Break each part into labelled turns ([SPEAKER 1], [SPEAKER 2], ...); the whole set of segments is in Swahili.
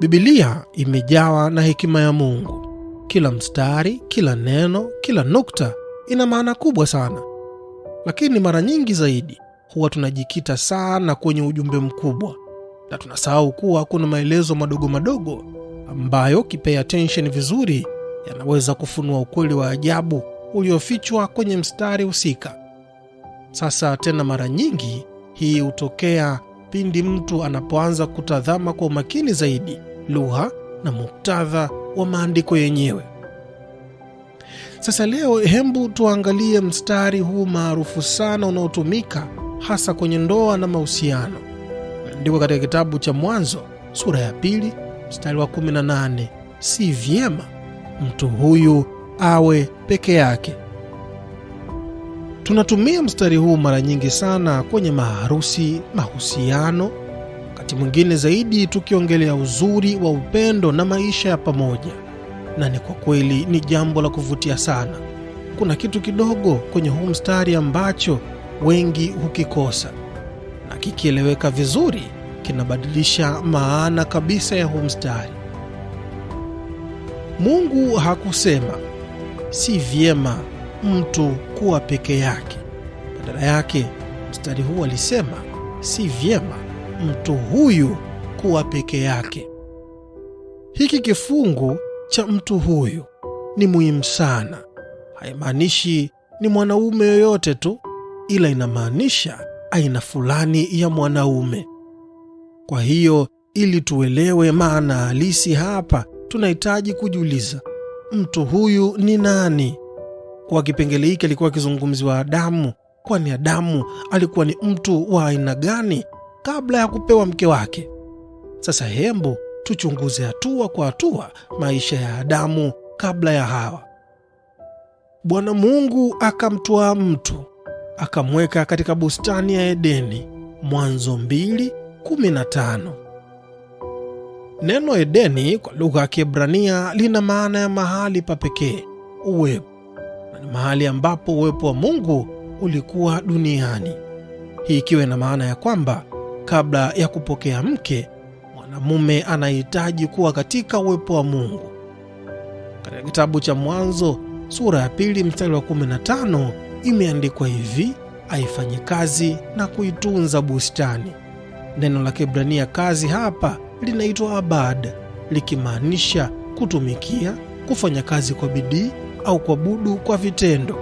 [SPEAKER 1] Bibilia imejawa na hekima ya Mungu. Kila mstari, kila neno, kila nukta ina maana kubwa sana, lakini mara nyingi zaidi huwa tunajikita sana kwenye ujumbe mkubwa na tunasahau kuwa kuna maelezo madogo madogo ambayo kipea attention vizuri yanaweza kufunua ukweli wa ajabu uliofichwa kwenye mstari husika. Sasa tena, mara nyingi hii hutokea pindi mtu anapoanza kutazama kwa umakini zaidi lugha na muktadha wa maandiko yenyewe. Sasa leo, hembu tuangalie mstari huu maarufu sana unaotumika hasa kwenye ndoa na mahusiano. Ndiko katika kitabu cha Mwanzo sura ya pili mstari wa 18: si vyema mtu huyu awe peke yake. Tunatumia mstari huu mara nyingi sana kwenye maharusi, mahusiano wakati mwingine zaidi tukiongelea uzuri wa upendo na maisha ya pamoja, na ni kwa kweli ni jambo la kuvutia sana. Kuna kitu kidogo kwenye huu mstari ambacho wengi hukikosa, na kikieleweka vizuri kinabadilisha maana kabisa ya huu mstari. Mungu hakusema si vyema mtu kuwa peke yake. Badala yake mstari huu alisema si vyema mtu huyu kuwa peke yake. Hiki kifungu cha mtu huyu ni muhimu sana. Haimaanishi ni mwanaume yoyote tu, ila inamaanisha aina fulani ya mwanaume. Kwa hiyo, ili tuelewe maana halisi hapa, tunahitaji kujiuliza mtu huyu ni nani? Kwa kipengele hiki alikuwa akizungumziwa Adamu. Kwani Adamu alikuwa ni mtu wa aina gani kabla ya kupewa mke wake. Sasa hembu tuchunguze hatua kwa hatua maisha ya Adamu kabla ya Hawa. Bwana Mungu akamtwaa mtu akamweka katika bustani ya Edeni, Mwanzo 2:15. Neno Edeni kwa lugha ya Kiebrania lina maana ya mahali pa pekee, uwepo, na ni mahali ambapo uwepo wa Mungu ulikuwa duniani, hii ikiwa ina maana ya kwamba Kabla ya kupokea mke, mwanamume anahitaji kuwa katika uwepo wa Mungu. Katika kitabu cha Mwanzo sura ya pili mstari wa 15 imeandikwa hivi: aifanye kazi na kuitunza bustani. Neno la Kiebrania kazi hapa linaitwa abad, likimaanisha kutumikia, kufanya kazi kwa bidii au kuabudu kwa vitendo.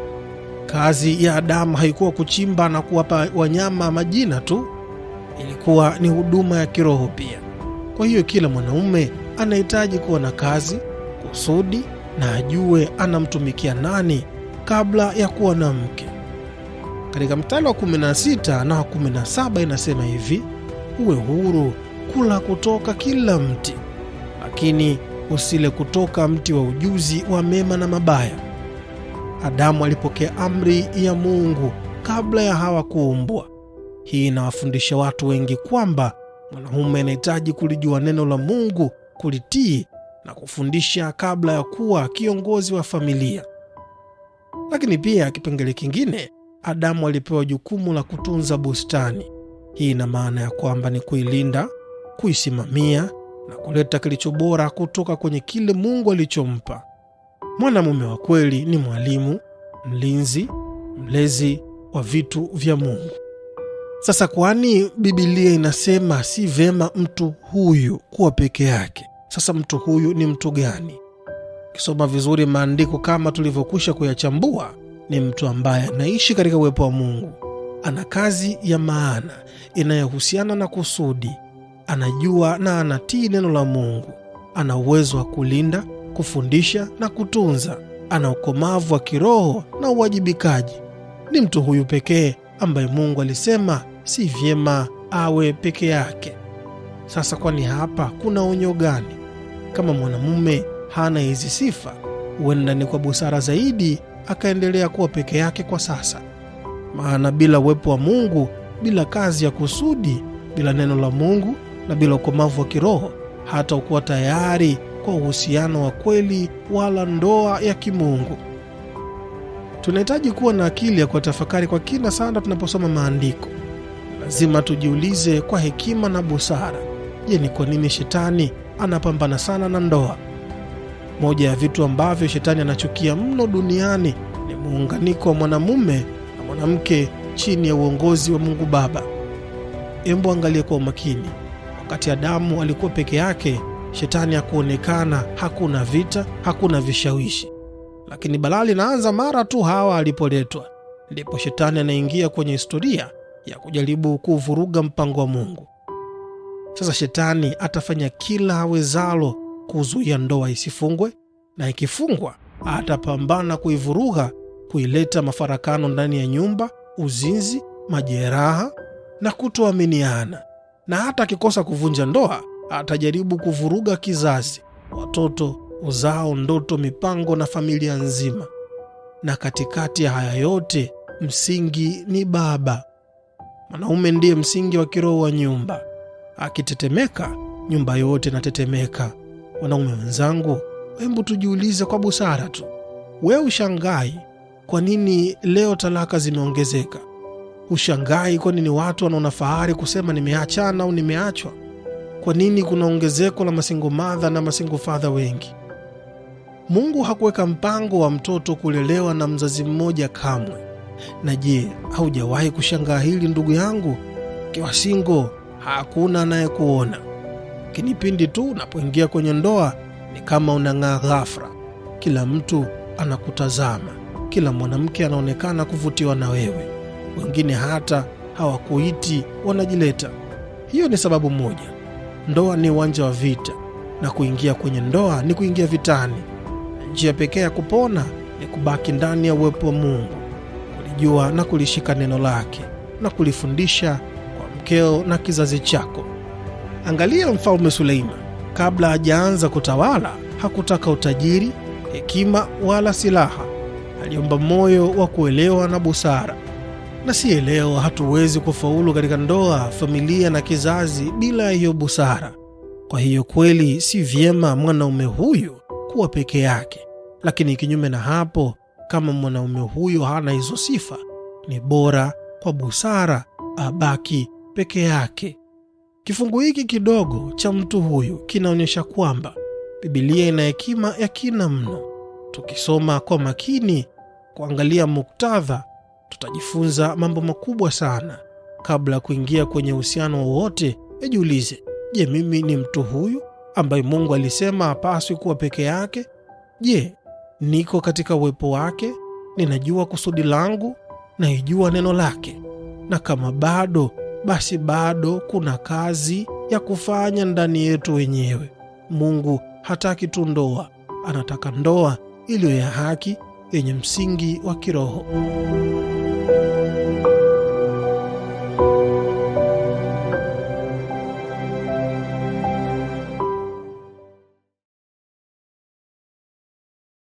[SPEAKER 1] Kazi ya Adamu haikuwa kuchimba na kuwapa wanyama majina tu, ilikuwa ni huduma ya kiroho pia. Kwa hiyo kila mwanaume anahitaji kuwa na kazi, kusudi na ajue anamtumikia nani kabla ya kuwa na mke. Katika mtalo wa 16 na 17 inasema hivi: uwe huru kula kutoka kila mti, lakini usile kutoka mti wa ujuzi wa mema na mabaya. Adamu alipokea amri ya Mungu kabla ya Hawa kuumbwa. Hii inawafundisha watu wengi kwamba mwanaume anahitaji kulijua neno la Mungu, kulitii na kufundisha kabla ya kuwa kiongozi wa familia. Lakini pia kipengele kingine, Adamu alipewa jukumu la kutunza bustani. Hii ina maana ya kwamba ni kuilinda, kuisimamia na kuleta kilicho bora kutoka kwenye kile Mungu alichompa. Mwanamume wa kweli ni mwalimu, mlinzi, mlezi wa vitu vya Mungu. Sasa kwani Bibilia inasema si vema mtu huyu kuwa peke yake? Sasa mtu huyu ni mtu gani? Ukisoma vizuri maandiko kama tulivyokwisha kuyachambua, ni mtu ambaye anaishi katika uwepo wa Mungu, ana kazi ya maana inayohusiana na kusudi, anajua na anatii neno la Mungu, ana uwezo wa kulinda, kufundisha na kutunza, ana ukomavu wa kiroho na uwajibikaji. Ni mtu huyu pekee ambaye Mungu alisema si vyema awe peke yake. Sasa kwani hapa kuna onyo gani? Kama mwanamume hana hizi sifa, huenda ni kwa busara zaidi akaendelea kuwa peke yake kwa sasa, maana bila uwepo wa Mungu, bila kazi ya kusudi, bila neno la Mungu na bila ukomavu wa kiroho, hata ukuwa tayari kwa uhusiano wa kweli wala ndoa ya kimungu tunahitaji kuwa na akili ya kutafakari kwa kina sana tunaposoma maandiko. Lazima tujiulize kwa hekima na busara, je, ni kwa nini shetani anapambana sana na ndoa? Moja ya vitu ambavyo shetani anachukia mno duniani ni muunganiko wa mwanamume na mwanamke chini ya uongozi wa Mungu Baba. Embo, angalie kwa umakini. Wakati Adamu alikuwa peke yake, shetani hakuonekana, hakuna vita, hakuna vishawishi lakini balaa linaanza mara tu Hawa alipoletwa. Ndipo shetani anaingia kwenye historia ya kujaribu kuvuruga mpango wa Mungu. Sasa shetani atafanya kila awezalo kuzuia ndoa isifungwe, na ikifungwa atapambana kuivuruga, kuileta mafarakano ndani ya nyumba, uzinzi, majeraha na kutoaminiana. Na hata akikosa kuvunja ndoa, atajaribu kuvuruga kizazi, watoto uzao, ndoto, mipango na familia nzima. Na katikati ya haya yote, msingi ni baba. Mwanaume ndiye msingi wa kiroho wa nyumba. Akitetemeka, nyumba yote inatetemeka. Wanaume wenzangu, hebu tujiulize kwa busara tu, wewe ushangai kwa nini leo talaka zimeongezeka? Ushangai kwa nini watu wanaona fahari kusema nimeachana au nimeachwa? Kwa nini kuna ongezeko la masingo madha na masingo fadha wengi? Mungu hakuweka mpango wa mtoto kulelewa na mzazi mmoja kamwe. Na je, haujawahi kushangaa hili ndugu yangu? Ukiwa singo, hakuna anayekuona, lakini pindi tu unapoingia kwenye ndoa ni kama unang'aa ghafra. Kila mtu anakutazama, kila mwanamke anaonekana kuvutiwa na wewe, wengine hata hawakuiti, wanajileta. Hiyo ni sababu moja. Ndoa ni uwanja wa vita, na kuingia kwenye ndoa ni kuingia vitani njia pekee ya kupona ni kubaki ndani ya uwepo wa Mungu, kulijua na kulishika neno lake na kulifundisha kwa mkeo na kizazi chako. Angalia Mfalme Suleiman, kabla hajaanza kutawala hakutaka utajiri, hekima wala silaha. Aliomba moyo wa kuelewa na busara. Na si leo hatuwezi kufaulu katika ndoa, familia na kizazi bila hiyo busara. Kwa hiyo kweli si vyema mwanaume huyu kuwa peke yake. Lakini kinyume na hapo, kama mwanaume huyo hana hizo sifa, ni bora kwa busara abaki peke yake. Kifungu hiki kidogo cha mtu huyu kinaonyesha kwamba Bibilia ina hekima ya kina mno. Tukisoma kwa makini, kuangalia muktadha, tutajifunza mambo makubwa sana. Kabla ya kuingia kwenye uhusiano wowote, ejiulize, je, mimi ni mtu huyu? ambaye Mungu alisema hapaswi kuwa peke yake? Je, niko katika uwepo wake? Ninajua kusudi langu, naijua neno lake, na kama bado, basi bado kuna kazi ya kufanya ndani yetu wenyewe. Mungu hataki tu ndoa, anataka ndoa iliyo ya haki yenye msingi wa kiroho.